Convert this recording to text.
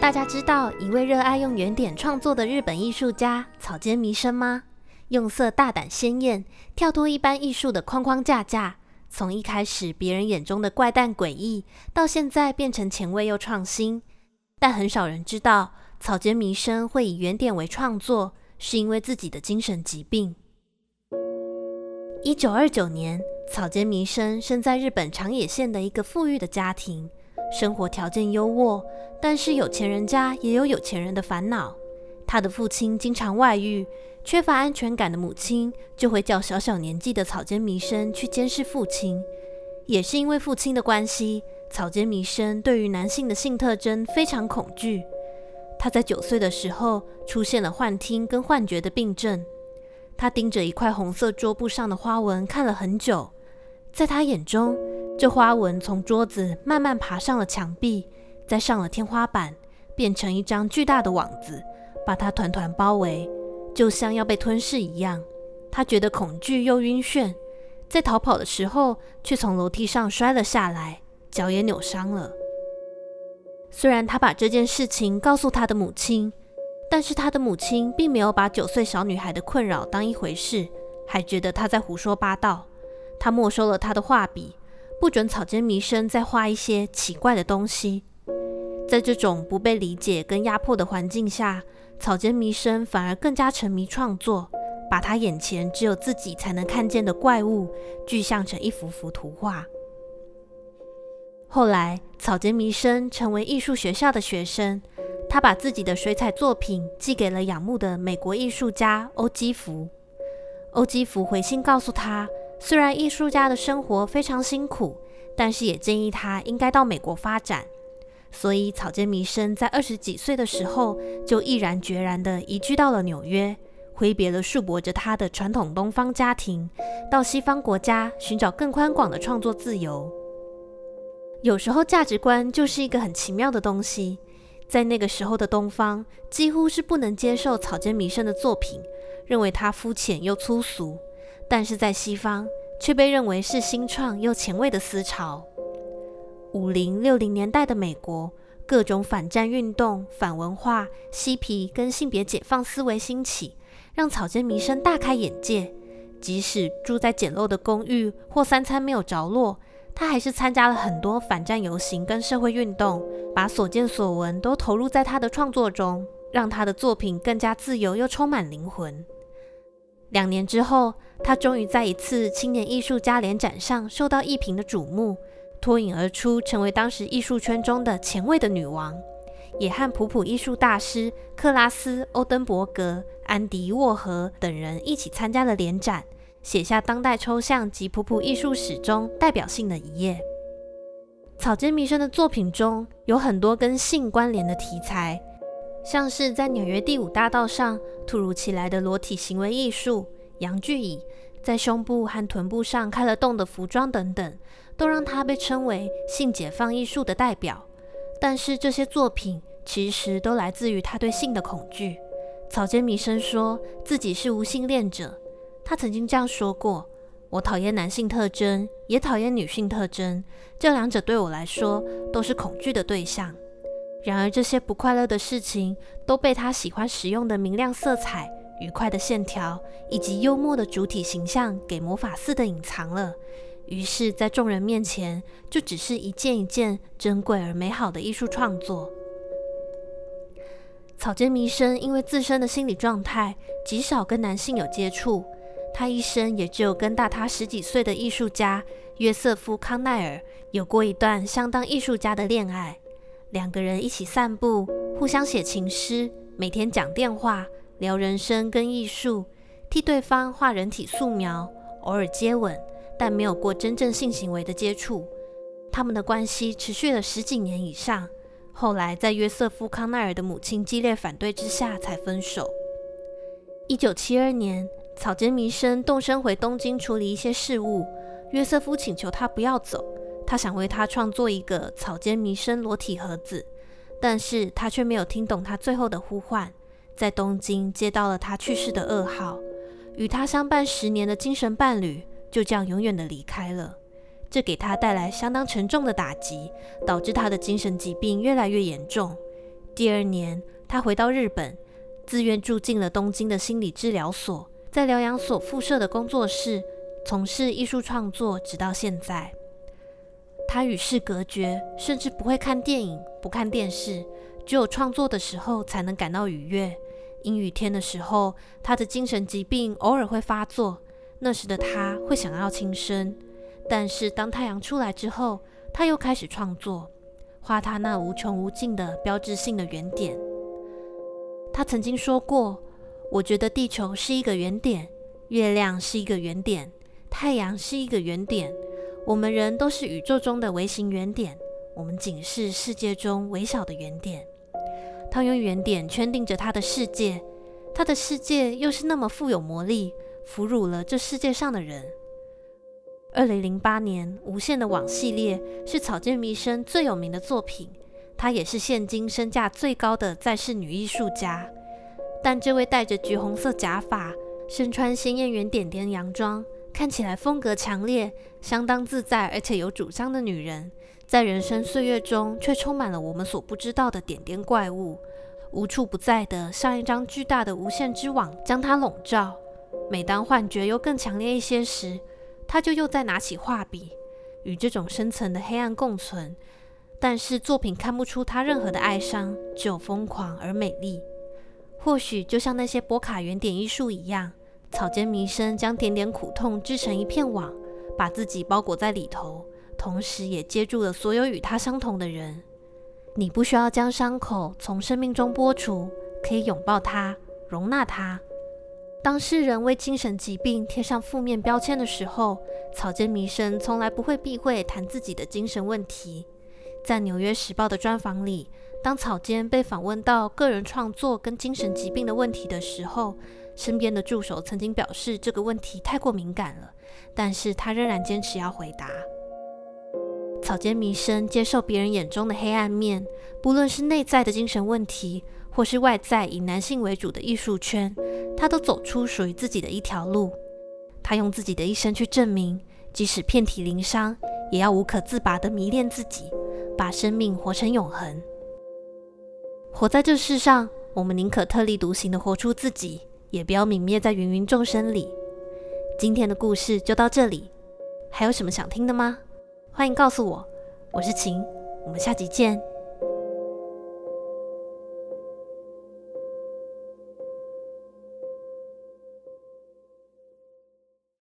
大家知道一位熱愛用圓點創作的日本藝術家草間彌生嗎？用色大膽鮮豔，跳脫一般藝術的框框架架。從一開始別人眼中的怪誕詭異，到現在變成前衛又創新。但很少人知道，草間彌生會以圓點為創作，是因為自己的精神疾病。一九二九年，草間彌生生在日本長野縣的一個富裕的家庭。生活條件優渥，但是有錢人家也有有錢人的煩惱。他的父親經常外遇，缺乏安全感的母親就會叫小小年紀的草間彌生去監視父親。也是因為父親的關係，草間彌生對於男性的性特徵非常恐懼。他在九歲的時候出現了幻聽跟幻覺的病症。他盯着一塊紅色桌布上的花紋看了很久，在他眼中，這花紋從桌子慢慢爬上了牆壁，再上了天花板，變成一張巨大的網子，把它團團包圍，就像要被吞噬一樣。他覺得恐懼又暈眩，在逃跑的時候卻從樓梯上摔了下來，腳也扭傷了。雖然他把這件事情告訴他的母親，但是他的母親並沒有把九歲小女孩的困擾當一回事，還覺得他在胡說八道。他沒收了他的畫筆。不准草間彌生再畫一些奇怪的東西。在這種不被理解跟壓迫的環境下，草間彌生反而更加沉迷創作，把他眼前只有自己才能看見的怪物具象成一幅幅圖畫。後來，草間彌生成為藝術學校的學生，他把自己的水彩作品寄給了仰慕的美國藝術家歐基福。歐基福回信告訴他，雖然藝術家的生活非常辛苦，但是也建議他應該到美國發展。所以草間彌生在二十幾歲的時候就毅然決然地移居到了紐約，揮別了束縛着他的傳統東方家庭，到西方國家尋找更寬廣的創作自由。有時候價值觀就是一個很奇妙的東西，在那個時候的東方幾乎是不能接受草間彌生的作品，認為他膚淺又粗俗。但是在西方卻被認為是新創又前衛的思潮。五零六零年代的美國，各種反戰運動、反文化、嬉皮跟性別解放思維興起，讓草間彌生大開眼界。即使住在簡陋的公寓或三餐沒有着落，他還是參加了很多反戰遊行跟社會運動，把所見所聞都投入在他的創作中，讓他的作品更加自由又充滿靈魂。兩年之後，她終於在一次青年藝術家聯展上受到藝評的矚目，脫穎而出，成為當時藝術圈中的前衛的女王，也和普普藝術大師克拉斯·歐登伯格、安迪·沃荷等人一起參加了聯展，寫下當代抽象及普普藝術史中代表性的一頁。草間彌生的作品中有很多跟性關聯的題材。像是在紐約第五大道上突如其來的裸體行為藝術、陽具椅、在胸部和臀部上開了洞的服裝等等，都讓他被稱為性解放藝術的代表。但是這些作品其實都來自於他對性的恐懼。草間彌生說自己是無性戀者，他曾經這樣說過：“我討厭男性特徵，也討厭女性特徵，這兩者對我來說都是恐懼的對象。”然而，這些不快樂的事情都被他喜歡使用的明亮色彩、愉快的線條以及幽默的主體形象給魔法似的隱藏了。於是，在眾人面前，就只是一件一件珍貴而美好的藝術創作。草間彌生因為自身的心理狀態，極少跟男性有接觸。他一生也只有跟大他十幾歲的藝術家約瑟夫·康奈爾有過一段相當藝術家的戀愛。兩個人一起散步，互相寫情詩，每天講電話，聊人生跟藝術，替對方畫人體素描，偶爾接吻，但沒有過真正性行為的接觸。他們的關係持續了十幾年以上，後來在約瑟夫·康奈爾的母親激烈反對之下才分手。一九七二年，草間彌生動身回東京處理一些事務，約瑟夫請求他不要走。他想為他創作一個草間彌生裸體盒子，但是他卻沒有聽懂他最後的呼喚。在東京接到了他去世的噩耗，與他相伴十年的精神伴侶就這樣永遠的離開了，這給他帶來相當沉重的打擊，導致他的精神疾病越來越嚴重。第二年，他回到日本，自願住進了東京的心理治療所，在療養所附設的工作室從事藝術創作，直到現在。他與世隔絕，甚至不會看電影、不看電視，只有創作的時候才能感到愉悅。陰雨天的時候，他的精神疾病偶爾會發作，那時的他會想要輕生。但是當太陽出來之後，他又開始創作，畫他那無窮無盡的標誌性的圓點。他曾經說過：“我覺得地球是一個圓點，月亮是一個圓點，太陽是一個圓點。”我們人都是宇宙中的微型圓點，我們僅是世界中微小的圓點。他用圓點圈定着他的世界，他的世界又是那麼富有魔力，俘虜了這世界上的人。二零零八年，《無限的網》系列是草間彌生最有名的作品，她也是現今身價最高的在世女藝術家。但這位戴着橘紅色假髮、身穿鮮艷圓點點洋裝，看起來風格強烈、相當自在，而且有主張的女人，在人生歲月中卻充滿了我們所不知道的點點怪物，無處不在的像一張巨大的無限之網將她籠罩。每當幻覺又更強烈一些時，她就又再拿起畫筆，與這種深層的黑暗共存。但是作品看不出她任何的哀傷，只有瘋狂而美麗。或許就像那些波卡圓點藝術一樣。草間彌生將點點苦痛織成一片網，把自己包裹在裡頭，同時也接住了所有與他相同的人。你不需要將傷口從生命中剝除，可以擁抱它，容納它。當世人為精神疾病貼上負面標籤的時候，草間彌生從來不會避諱談自己的精神問題。在《紐約時報》的專訪裡，當草間被訪問到個人創作跟精神疾病的問題的時候，身邊的助手曾經表示這個問題太過敏感了，但是他仍然堅持要回答。草間彌生接受別人眼中的黑暗面，不論是內在的精神問題，或是外在以男性為主的藝術圈，他都走出屬於自己的一條路。他用自己的一生去證明，即使遍體鱗傷，也要無可自拔地迷戀自己，把生命活成永恆。活在這世上，我們寧可特立獨行地活出自己。也不要泯滅在芸芸眾生裡。今天的故事就到這裡，還有什麼想聽的嗎？歡迎告訴我，我是晴，我們下集見。